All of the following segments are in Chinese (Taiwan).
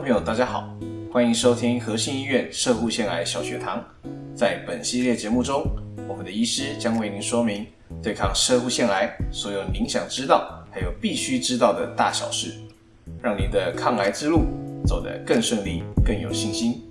朋友，大家好，歡迎收聽和信醫院攝護腺癌小學堂。在本系列節目中，我們的醫師將為您說明對抗攝護腺癌所有您想知道，還有必須知道的大小事，讓您的抗癌之路走得更順利，更有信心。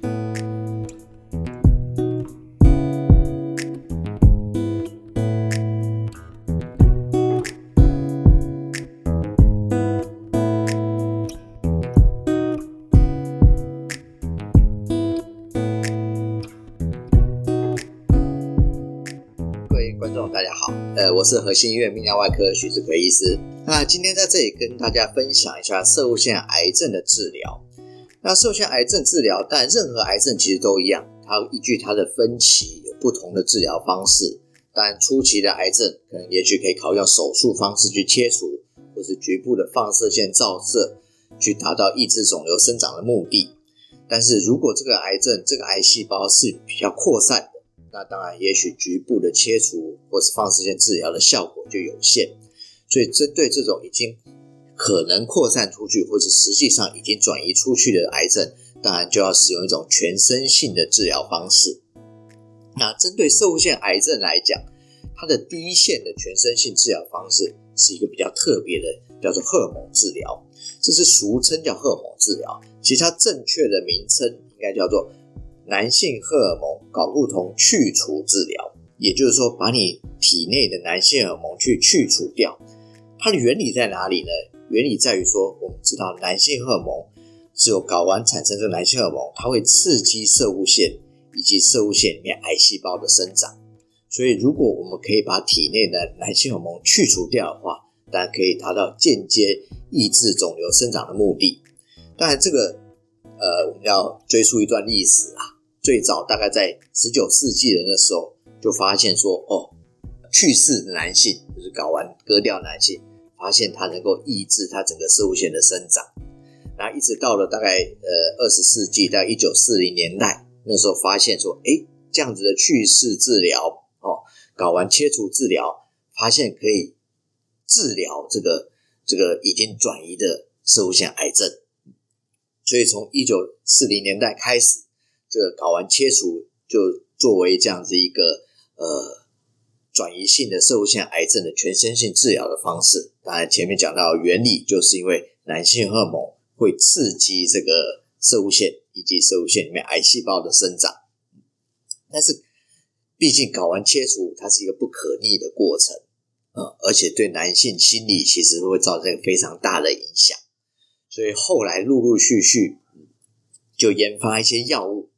呃，我是和信醫院泌尿外科許志魁醫師。那今天在這裡跟大家分享一下攝護腺癌症的治療。那攝護腺癌症治療，但任何癌症其實都一樣，它依據它的分期，有不同的治療方式。但初期的癌症可能也許可以靠用手術方式去切除，或是局部的放射線照射，去達到抑制腫瘤生長的目的。但是如果這個癌症這個癌細胞是比較擴散。那當然，也許局部的切除或是放射線治療的效果就有限，所以針對這種已經可能擴散出去或者實際上已經轉移出去的癌症，當然就要使用一種全身性的治療方式。那針對攝護腺癌症來講，它的第一線的全身性治療方式是一個比較特別的，叫做荷爾蒙治療，這是俗稱叫荷爾蒙治療，其實它正確的名稱應該叫做。男性荷爾蒙睾固酮去除治療，也就是說把你體內的男性荷爾蒙去去除掉。它的原理在哪裡呢？原理在於說，我們知道男性荷爾蒙只有睾丸產生這男性荷爾蒙，它會刺激攝護腺以及攝護腺裡面癌細胞的生長。所以，如果我們可以把體內的男性荷爾蒙去除掉的話，當然可以達到間接抑制腫瘤生長的目的。當然，這個呃，我們要追溯一段歷史啊。最早大概在十九世紀的那時候，就發現說，哦，去勢男性就是睾丸割掉男性，發現它能夠抑制它整個攝護腺的生長。那一直到了大概呃二十世紀到一九四零年代，那時候發現說，哎、欸，這樣子的去勢治療，哦，睾丸切除治療，發現可以治療這個這個已經轉移的攝護腺癌症。所以從一九四零年代開始。這個睾丸切除就作為這樣子一個呃轉移性的攝護腺癌症的全身性治療的方式。當然前面講到原理，就是因為男性荷爾蒙會刺激這個攝護腺以及攝護腺裡面癌細胞的生長。但是畢竟睾丸切除它是一個不可逆的過程呃、嗯，而且對男性心理其實會造成一個非常大的影響。所以後來陸陸續續就研發一些藥物。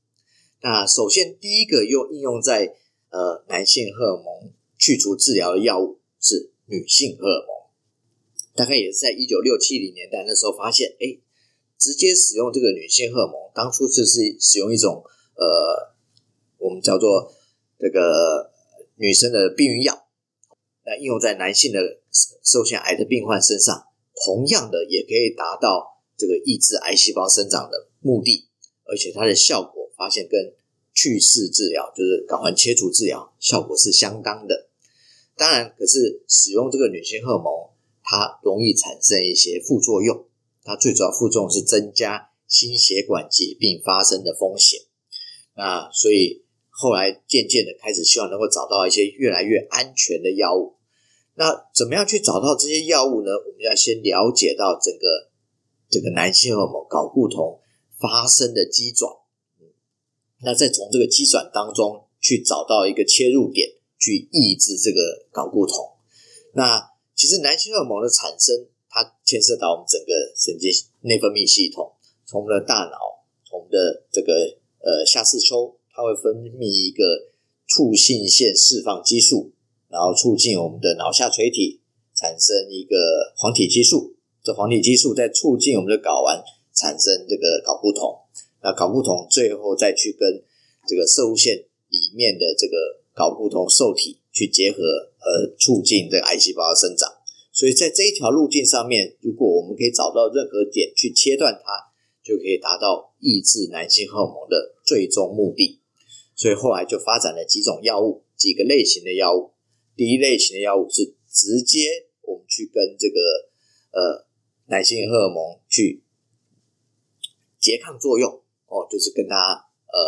那首先，第一個用應用在呃男性荷爾蒙去除治療的藥物是女性荷爾蒙，大概也是在一九六七零年代那時候發現，哎、欸，直接使用這個女性荷爾蒙，當初就是使用一種呃我們叫做這個女生的避孕藥，那應用在男性的攝護腺癌的病患身上，同樣的也可以達到這個抑制癌細胞生長的目的，而且它的效果。發現跟去勢治療就是睾丸切除治療效果是相當的。當然，可是使用這個女性荷爾蒙，它容易產生一些副作用。它最主要副作用是增加心血管疾病發生的風險。那所以後來漸漸的開始希望能夠找到一些越來越安全的藥物。那怎麼樣去找到這些藥物呢？我們要先了解到整個這個男性荷爾蒙睾固酮發生的機轉。那再從這個機轉當中去找到一個切入點，去抑制這個睾固酮那其實男性荷爾蒙的產生，它牽涉到我們整個神經內分泌系統，從我們的大腦，從我們的這個呃下視丘，它會分泌一個促性腺釋放激素，然後促進我們的腦下垂體產生一個黃體激素。這黃體激素在促進我們的睾丸產生這個睾固酮那睪固酮最後再去跟這個攝護腺裡面的這個睪固酮受體去結合，而促進這個癌細胞的生長。所以在這一條路徑上面，如果我們可以找到任何點去切斷它，就可以達到抑制男性荷爾蒙的最終目的。所以後來就發展了幾種藥物，幾個類型的藥物。第一類型的藥物是直接我們去跟這個呃男性荷爾蒙去拮抗作用。哦，就是跟他呃，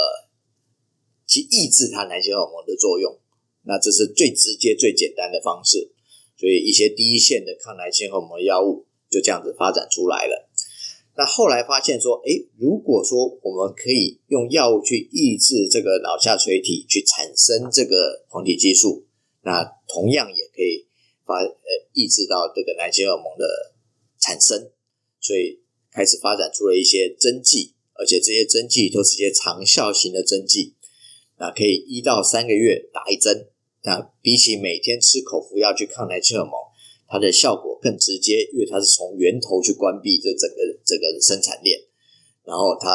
去抑制他男性荷爾蒙的作用，那這是最直接、最簡單的方式。所以一些第一線的抗男性荷爾蒙藥物就這樣子發展出來了。那後來發現說，誒，如果說我們可以用藥物去抑制這個腦下垂體去產生這個黃體激素，那同樣也可以發，呃抑制到這個男性荷爾蒙的產生，所以開始發展出了一些針劑。而且這些針劑都是一些長效型的針劑，那可以一到三個月打一針。那比起每天吃口服藥去抗男性荷爾蒙，它的效果更直接，因為它是從源頭去關閉這整個整個生產鏈，然後它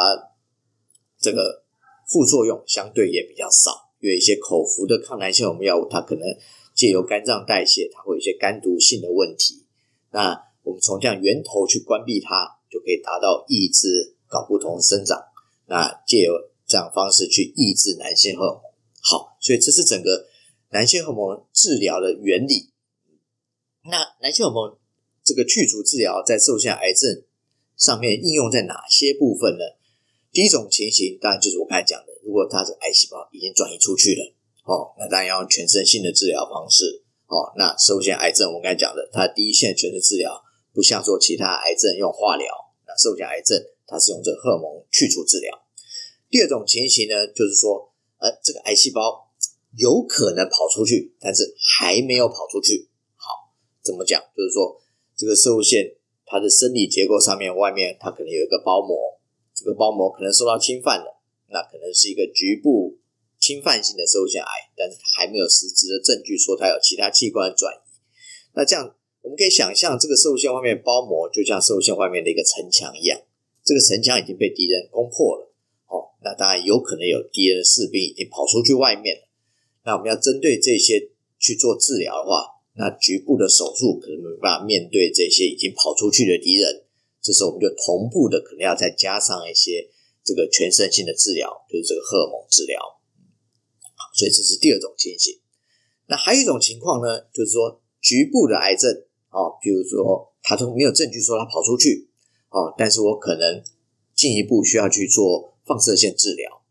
這個副作用相對也比較少。因為一些口服的抗男性荷爾蒙藥物，它可能借由肝臟代謝，它會有一些肝毒性的問題。那我們從這樣源頭去關閉它，就可以達到抑制，搞不同的生長，那借由這樣方式去抑制男性荷爾蒙，好，所以這是整個男性荷爾蒙治療的原理。那男性荷爾蒙這個去除治療在攝護腺癌症上面應用在哪些部分呢？第一種情形當然就是我剛才講的，如果他的癌細胞已經轉移出去了，哦，那當然要用全身性的治療方式。哦，那攝護腺癌症我剛才講的，它第一線全身治療，不像說其他癌症用化療，那攝護腺癌症。它是用這個荷爾蒙去除治療。第二種情形呢，就是說，呃，這個癌細胞有可能跑出去，但是還沒有跑出去。好，怎麼講？就是說，這個攝護腺它的生理結構上面，外面它可能有一個包膜，這個包膜可能受到侵犯了，那可能是一個局部侵犯性的攝護腺癌，但是它還沒有實質的證據說它有其他器官的轉移。那這樣我們可以想象，這個攝護腺外面的包膜就像攝護腺外面的一個城牆一樣，這個城牆已經被敵人攻破了，哦，那當然有可能有敵人的士兵已經跑出去外面了。那我們要針對這些去做治療的話，那局部的手術可能沒辦法面對這些已經跑出去的敵人，這時候我們就同步的可能要再加上一些這個全身性的治療，就是這個荷爾蒙治療。好，所以這是第二種情形。那還有一種情況呢，就是說局部的癌症，哦，比如說他都沒有證據說他跑出去。哦，但是我可能進一步需要去做放射線治療，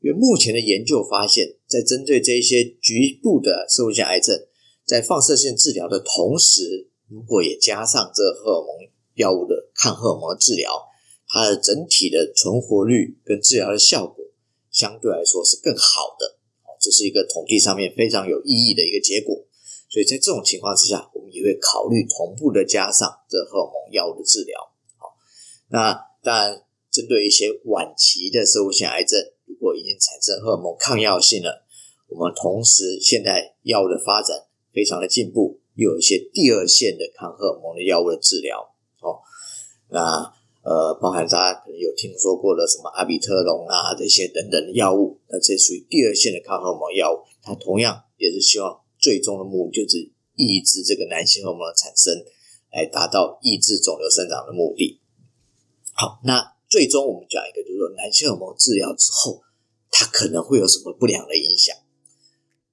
因為目前的研究發現，在針對這一些局部的攝護腺癌症，在放射線治療的同時，如果也加上這荷爾蒙藥物的抗荷爾蒙的治療，它的整體的存活率跟治療的效果相對來說是更好的。哦，這是一個統計上面非常有意義的一個結果，所以在這種情況之下，我們也會考慮同步的加上這荷爾蒙藥物的治療。那當然，針對一些晚期的攝護腺癌症，如果已經產生荷爾蒙抗藥性了，我們同時現在藥物的發展非常的進步，又有一些第二線的抗荷爾蒙的藥物的治療哦。那呃，包含大家可能有聽說過的什麼阿比特龍啊這些等等的藥物，那這屬於第二線的抗荷爾蒙藥物，它同樣也是希望最終的目的就是抑制這個男性荷爾蒙的產生，來達到抑制腫瘤生長的目的。好，那最終我們講一個，就是說男性荷爾蒙治療之後，它可能會有什麼不良的影響？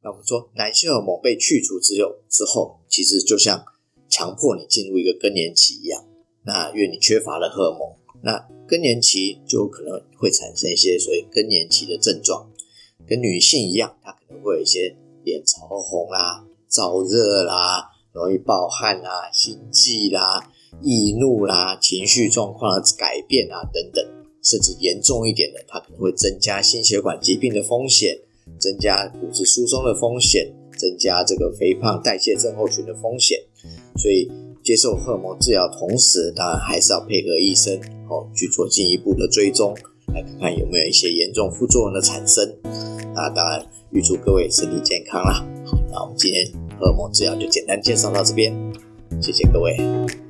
那我們說男性荷爾蒙被去除之後，之後其實就像強迫你進入一個更年期一樣。那因為你缺乏了荷爾蒙，那更年期就可能會產生一些所謂更年期的症狀，跟女性一樣，它可能會有一些臉潮紅啦、啊、燥熱啦、啊、容易暴汗啦、啊、心悸啦、啊。易怒啦、啊，情緒狀況的改變啊，等等，甚至嚴重一點的，它可能會增加心血管疾病的風險，增加骨質疏鬆的風險，增加這個肥胖代謝症候群的風險。所以，接受荷爾蒙治療同時，當然還是要配合醫生哦，去做進一步的追蹤，來看看有沒有一些嚴重副作用的產生。那當然，預祝各位身體健康啦！好，那我們今天荷爾蒙治療就簡單介紹到這邊，謝謝各位。